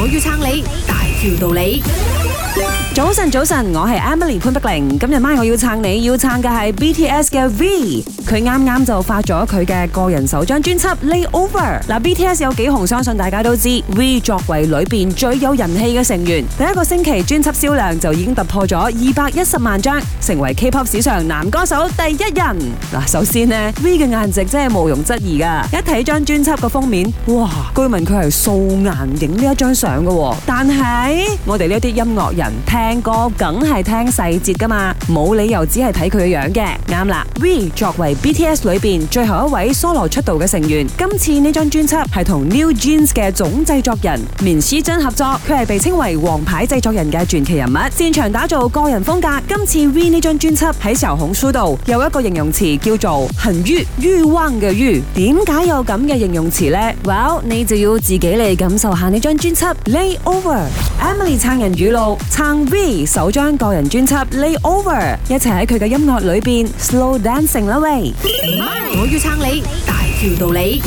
我要撐你，大條道理。早晨，早晨，我係 Emily 潘碧玲。今日晚我要撐你，要撐嘅係 BTS 嘅 V，佢啱啱就發咗佢嘅個人首張專輯《Layover》。嗱，BTS 有幾紅，相信大家都知。V 作為裏邊最有人氣嘅成員，第一個星期專輯銷量就已經突破咗二百一十萬張，成為 K-pop 史上男歌手第一人。嗱，首先呢，V 嘅顏值真係毋庸質疑噶。一睇張專輯嘅封面，哇！據聞佢係素顏影呢一張相嘅，但係我哋呢一啲音樂人聽。聽歌梗係聽細節噶嘛，冇理由只係睇佢嘅樣嘅。啱啦，V 作為 BTS 裏邊最後一位 solo 出道嘅成員，今次呢張專輯係同 New Jeans 嘅總製作人綿思真合作。佢係被稱為王牌製作人嘅傳奇人物，擅長打造個人風格。今次 V 呢張專輯喺《時候孔書》度有一個形容詞叫做“行越於灣嘅越”，點解有咁嘅形容詞呢？Well，你就要自己嚟感受下呢張專輯《Layover》。Emily 撐人語錄撐 V。首張個人專輯《Layover》，一齊喺佢嘅音樂裏邊《Slow Dancing》啦喂，我要撐你，大條道理。